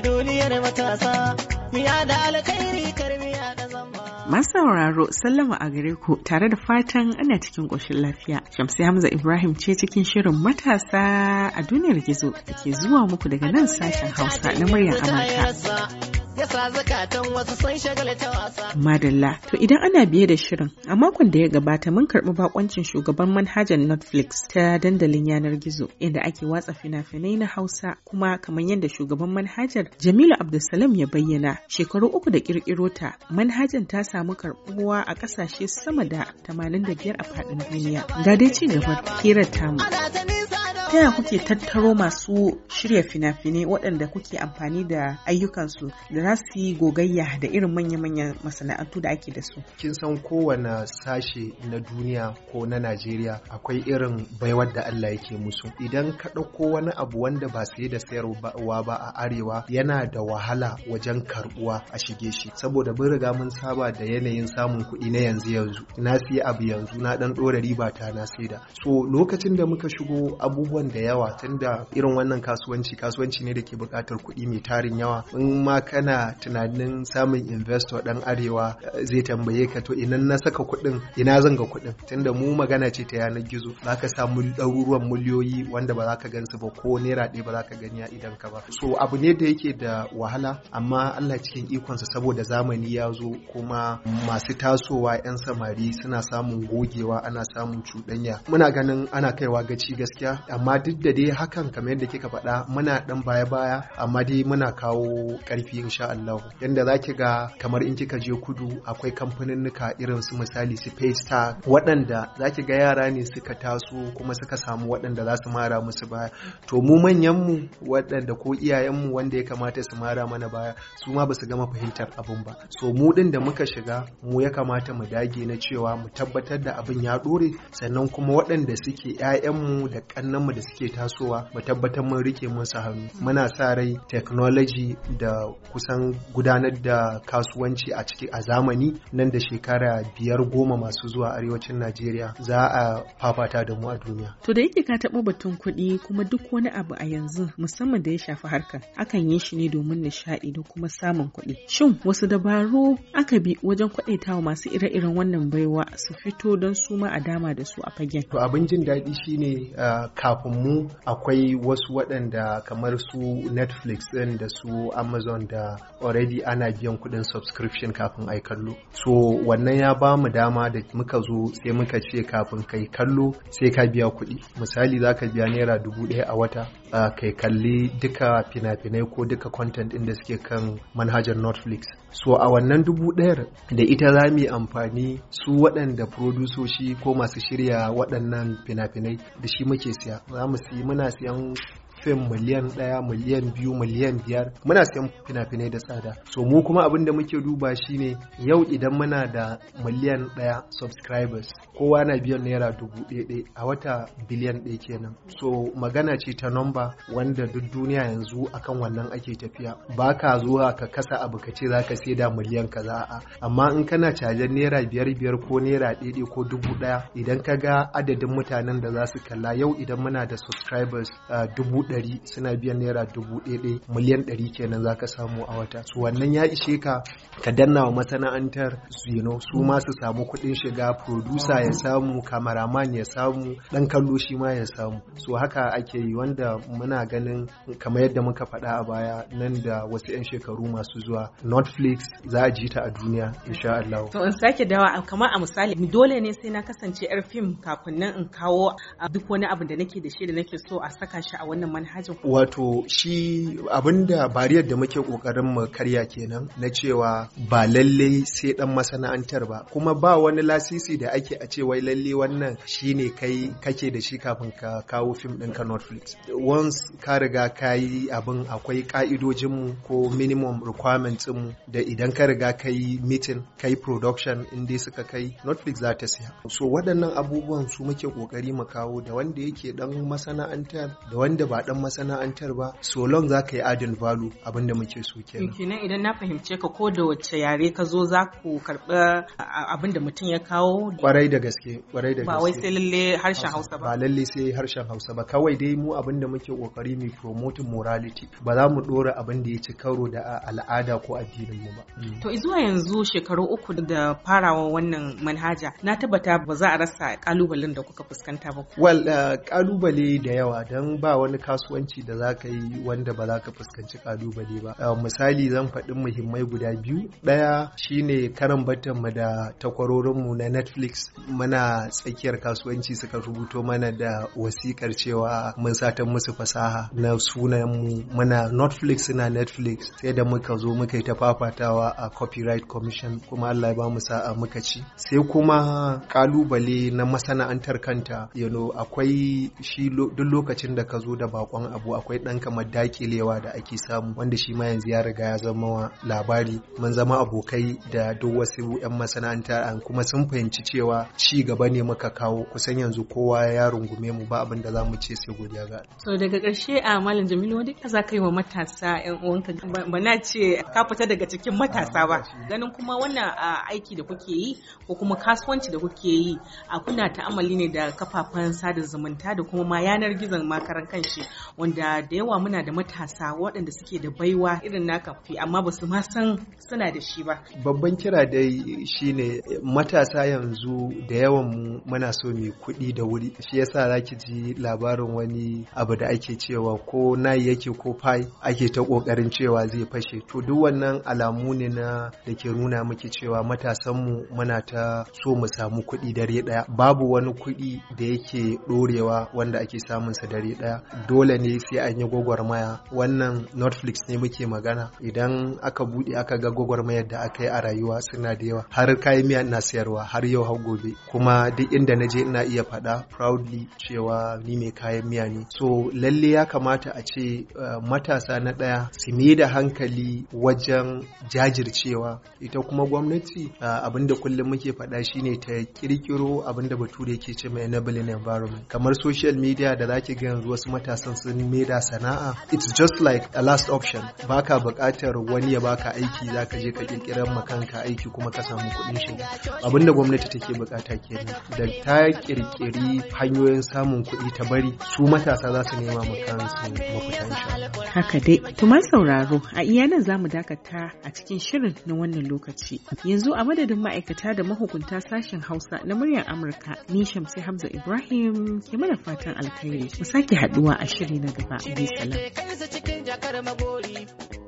a duniyar da alkhairi karmiya zamba. Masu sallama a gare ku tare da fatan ana cikin ƙoshin lafiya. Shamsi Hamza Ibrahim ce cikin shirin matasa a duniyar gizo da ke zuwa muku daga nan sashen Hausa na muryar Amurka. Madalla, to idan ana biye da shirin, a makon da ya gabata mun karɓi bakoncin shugaban manhajar Netflix ta dandalin yanar gizo inda ake watsa fina-finai na Hausa kuma kamar yadda shugaban manhajar Jamilu Abdulsalam ya bayyana shekaru uku da ƙirƙiro ta manhajar ta samu karɓuwa a ƙasashe sama da 85 a faɗin duniya. Ga dai ci gaba hirar tamu. ta yaya kuke tattaro masu shirya fina-finai waɗanda kuke amfani da ayyukansu da za su yi gogayya da irin manya-manyan masana'antu da ake da su kin san kowane sashe na duniya ko na najeriya akwai irin baiwar da allah yake musu idan ka ɗauko wani abu wanda ba sai da sayarwa ba a arewa yana da wahala wajen karɓuwa a shige shi saboda mun riga mun saba da yanayin samun kuɗi na yanzu yanzu na siya abu yanzu na ɗan ɗora riba ta na saida so lokacin da muka shigo abubuwan abubuwan da yawa tunda irin wannan kasuwanci kasuwanci ne da ke buƙatar kuɗi mai tarin yawa in ma kana tunanin samun investor dan arewa eh, zai tambaye ka to inan na saka kuɗin ina zan ga kuɗin tunda mu magana ce ta yanar gizo za ka samu ɗaruruwan miliyoyi wanda ba za ka gansu ba ko naira ɗaya ba za ka gani a idan ka ba so abu ne da yake da wahala amma Allah cikin ikonsa saboda zamani ya zo kuma masu tasowa 'yan samari suna samun gogewa ana samun cuɗanya muna ganin ana kaiwa gaci gaskiya amma amma duk da dai hakan kamar yadda kika faɗa muna ɗan baya-baya amma dai muna kawo ƙarfi insha Allah yanda za ki ga kamar in kika je kudu akwai kamfanin nuka irin su misali su Paystar waɗanda za ki ga yara ne suka taso kuma suka samu waɗanda za su mara musu baya to mu manyanmu waɗanda ko iyayenmu wanda ya kamata su mara mana baya su ma ba gama fahimtar abin ba so mu ɗin da muka shiga mu ya kamata mu dage na cewa mu tabbatar da abin ya ɗore sannan kuma waɗanda suke 'ya'yanmu da ƙannanmu da da suke tasowa ba tabbatar mun rike musu hannu muna sa rai technology da kusan gudanar da kasuwanci a ciki a zamani nan da shekara biyar goma masu zuwa arewacin Najeriya za a fafata da mu a duniya. To da yake ka taɓa batun kuɗi kuma duk wani abu a yanzu musamman da ya shafi harkar akan yi shi ne domin nishaɗi da kuma samun kuɗi. Shin wasu dabaru aka bi wajen wa masu ire-iren wannan baiwa su fito don su ma a dama da su a fagen. To abin jin daɗi shine ah, kafin kafin mu akwai wasu waɗanda kamar su netflix ɗin da su amazon da already ana biyan kuɗin subscription kafin ai kallo so wannan ya ba mu dama da muka zo sai muka ce kafin kai kallo sai ka biya kuɗi misali za ka biya naira dubu ɗaya a wata kai kalli duka fina-finai ko duka content ɗin da suke kan manhajar netflix so a wannan dubu ɗayar da ita za mu yi amfani su waɗanda produsoshi ko masu shirya waɗannan fina-finai da shi muke siya za mu siya muna siyan fim miliyan ɗaya miliyan biyu miliyan biyar muna siyan fina-finai da tsada so mu kuma abin da muke duba shine yau idan muna da miliyan ɗaya subscribers kowa na biyan naira dubu ɗaya a wata biliyan ɗaya kenan so magana ce ta nomba wanda duk duniya yanzu akan wannan ake tafiya ba ka zuwa ka kasa abu ka ce zaka da miliyan kaza a amma in kana cajen naira biyar biyar ko naira ɗaya ko dubu ɗaya idan ka ga adadin mutanen da za su kalla yau idan muna da subscribers ah, dubu ɗari suna biyan naira dubu ɗaya miliyan ɗari kenan za ka samu a wata su wannan ya ishe ka ka danna wa masana'antar su yi su ma su samu kuɗin shiga producer ya samu kamaraman ya samu ɗan kallo shi ma ya samu so haka ake yi wanda muna ganin kamar yadda muka faɗa a baya nan da wasu 'yan shekaru masu zuwa Netflix za a ji ta a duniya insha Allah. To in sake dawa kamar a misali dole ne sai na kasance 'yar fim kafin nan in kawo duk wani abu da nake da shi da nake so a saka shi a wannan manhajin wato shi abinda bariyar da muke kokarin mu karya kenan na cewa ba lalle sai dan masana'antar ba kuma ba wani lasisi da ake a ce wai lalle wannan shine kai kake da shi kafin ka kawo fim din ka Netflix once ka riga ka abin akwai ka'idojin mu ko minimum requirements mu da idan ka riga kai meeting kai production in dai suka kai Netflix za ta siya so waɗannan abubuwan su muke kokari mu kawo da wanda yake dan masana'antar da wanda ba dan masana'antar ba so long za ka yi adil value abinda da muke so kenan kenan idan na fahimce ka ko da wacce yare ka zo za ku karɓi abin da mutum ya kawo kwarai da gaske kwarai da gaske ba wai sai lalle harshen Hausa ba ba lalle sai harshen Hausa ba kawai dai mu abinda muke kokari mu promote morality ba za mu dora abin da ya ci karo da al'ada ko addinin mu ba mm. to zuwa yanzu shekaru uku da farawa wannan manhaja na tabbata ba za a rasa kalubalen da kuka fuskanta ba well kalubale eh, da yawa dan ba wani ka kasuwanci da za ka yi wanda ba za ka fuskanci kalubale ba misali zan faɗi muhimmai guda biyu ɗaya shine karan batan mu da takwarorinmu na netflix muna tsakiyar kasuwanci suka rubuto mana da wasikar cewa mun satan musu fasaha na sunan mu muna netflix na netflix sai da muka zo muka yi ta fafatawa a copyright commission kuma allah ya ba mu sa'a muka ci sai kuma kalubale na masana'antar kanta yano akwai shi duk lokacin da ka zo da ba. Kwan abu akwai ɗan kamar dakilewa da ake samu wanda shi ma yanzu ya riga ya zama labari mun zama abokai da duk wasu 'yan masana'anta an kuma sun fahimci cewa ci gaba ne muka kawo kusan yanzu kowa ya rungume mu ba abin da za mu ce sai godiya ga so daga ƙarshe a malam jamilu wani ka za ka yi wa matasa 'yan uwanka ba na ce ka fita daga cikin matasa ba ganin kuma wannan aiki da kuke yi ko kuma kasuwanci da kuke yi a kuna ta'amali ne da kafafen sada zumunta da kuma ma yanar gizon makaran kanshi wanda da yawa muna da matasa waɗanda suke da baiwa irin na kafi amma ba su ma san suna da shi ba babban kira dai shine matasa yanzu da yawan mu muna so mai kuɗi da wuri shi ya yasa zaki ji labarin wani abu da ake cewa ko nayi yake ko fai ake ta kokarin cewa zai fashe to duk wannan alamu ne na da ke nuna miki cewa matasan mu muna ta so mu samu kuɗi dare ɗaya babu wani kuɗi da yake ɗorewa wanda ake samunsa sa dare ɗaya dole ne sai an yi gwagwarmaya wannan netflix ne muke magana idan aka buɗe aka ga gwagwarmayar da aka yi a rayuwa suna da yawa har kayan miya na sayarwa har yau har gobe kuma duk inda na je ina iya faɗa proudly cewa ni mai kayan miya ne so lalle ya kamata a ce eh, matasa na ɗaya su mai da hankali wajen jajircewa ita kuma gwamnati eh, abin da kullum muke faɗa shine ta kirkiro da bature ke ce mai enabling environment kamar social media da zaki ga yanzu wasu matasa kan sun maida sana'a it's just like a last option baka bukatar wani ya baka aiki za ka je ka kirkirar ma kanka aiki kuma ka samu kuɗin shiga da gwamnati take bukata kenan da ta kirkiri hanyoyin samun kuɗi ta bari su matasa za su nema ma kansu mafita haka dai tumar sauraro a iyanan zamu dakata a cikin shirin na wannan lokaci yanzu a madadin ma'aikata da mahukunta sashen Hausa na muryar Amurka ni Shamsi Hamza Ibrahim ke mana fatan alkhairi mu sake haduwa a shiri na gaba. Bisa Bisalam.